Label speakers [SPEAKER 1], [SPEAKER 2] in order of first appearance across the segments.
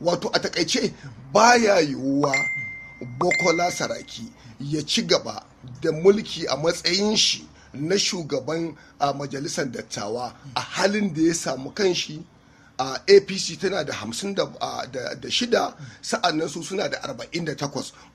[SPEAKER 1] wato a takaice baya yiwuwa bokola saraki ya ci gaba da mulki a matsayin shi na shugaban a majalisar dattawa a halin da ya samu kanshi a apc tana da hamsin da shida sa'annan su suna da arba'in da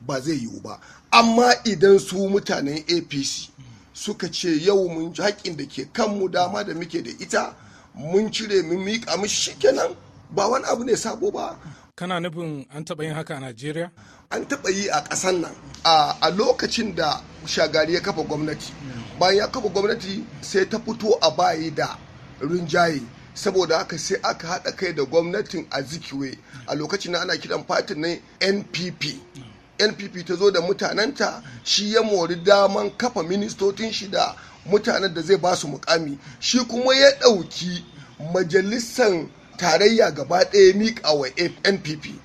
[SPEAKER 1] ba zai yiwu ba amma idan su mutanen apc suka ce yau mun haƙƙin da ke kanmu dama da muke da ita mun cire mun miƙa mu kenan ba wani abu ne sabo ba
[SPEAKER 2] kana nufin an taɓa yin haka a najeriya
[SPEAKER 1] an taɓa yi a ƙasan nan a lokacin da shagari ya kafa gwamnati bayan ya kafa gwamnati sai ta fito a bayi da rinjaye saboda haka sai aka haɗa kai da gwamnatin a azikiwe a lokacin na ana kiran fatin ne npp npp ta zo da mutanenta shi ya mori daman kafa ministocin shi da mutanen da zai ba su mukami shi kuma ya ɗauki majalisan tarayya gaba ɗaya miƙa wa npp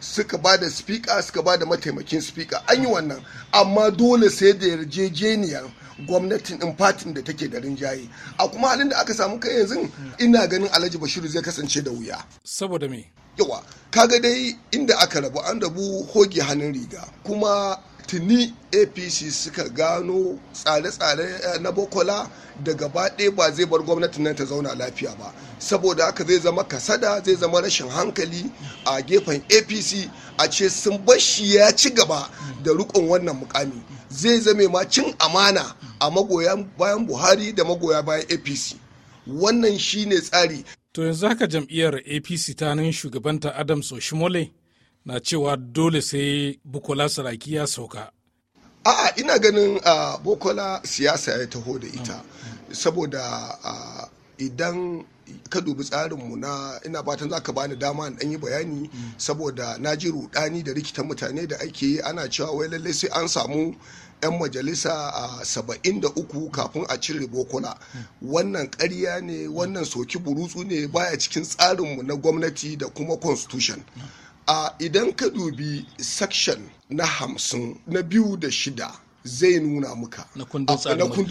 [SPEAKER 1] suka ba da spika suka ba da mataimakin speaker an yi wannan amma dole sai da yarjejeniyar gwamnatin in fatin da take da rinjaye a kuma halin da aka samu kai yanzu ina ganin alhaji bashiru zai kasance da wuya
[SPEAKER 2] saboda me
[SPEAKER 1] yawa kaga dai inda aka rabu an rabu hoge hannun riga kuma tuni apc suka gano tsare-tsare eh, na bokola da gaba ɗaya ba zai bar gwamnati nan ta zauna lafiya ba saboda haka zai zama kasada zai zama rashin hankali a gefen apc a ce sun bashi ya ci gaba da rikon wannan mukami zai zame ma cin amana a magoya bayan buhari da magoya bayan apc wannan shine tsari
[SPEAKER 2] to yanzu haka jam'iyyar apc ta nan shugabanta adam oshimole na cewa dole sai bukola saraki ya sauka
[SPEAKER 1] a'a ina ganin a bukola siyasa ya taho da ita saboda idan ka dubi tsarinmu na ina batan za ka bani dama in yi bayani saboda na ji rudani da rikitan mutane da ake yi ana cewa wai lallai sai an samu 'yan majalisa a saba'in da uku kafin a cire bokola wannan karya ne wannan soki burutsu ne baya cikin tsarinmu na gwamnati da kuma constitution a idan ka dubi section na hamsin na biyu da shida zai nuna muka na kundin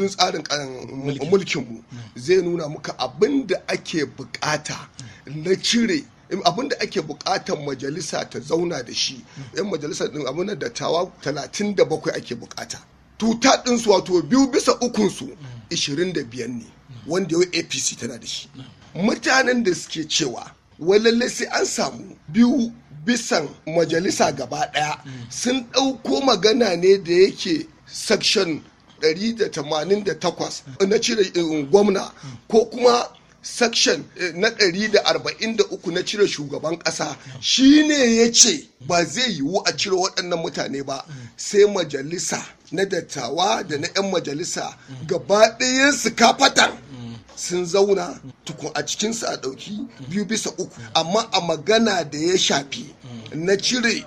[SPEAKER 1] tsarin mulkinmu hmm. zai nuna muka da ake bukata hmm. na cire abin da ake bukatar majalisa ta zauna da shi hmm. yan majalisa din abin da tawa 37 ake bukata tuta su wato biyu bisa ukunsu 25 ne wanda yau apc tana da shi mutanen da suke cewa wai lallai sai an samu biyu bisan majalisa gaba daya sun ɗauko magana ne da yake section 188 na cire eh, gwamna ko kuma section eh, na 143 na cire shugaban ƙasa shi ne ya ce ba zai yiwu a cire waɗannan mutane ba sai majalisa na dattawa da na 'yan majalisa gaba su kafatan sun zauna tukun a cikinsu a ɗauki biyu bisa uku amma a magana da ya shafi na cire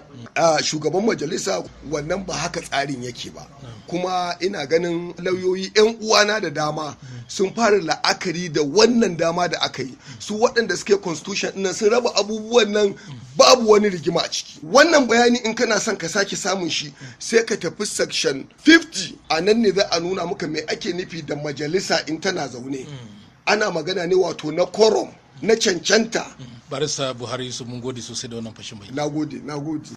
[SPEAKER 1] shugaban majalisa wannan ba haka tsarin yake ba kuma ina ganin lauyoyi 'yan uwana da dama sun fara la'akari da wannan dama da aka yi su waɗanda suke constitution nan sun raba abubuwan nan babu wani rigima a ciki wannan bayani in kana son ka sake samun shi sai ka tafi section 50 a nan ne za a nuna maka me ake nufi da majalisa in tana zaune ana magana ne wato na korom na cancanta barista buhari su mun gode sosai da wannan fashin bai na gode na gode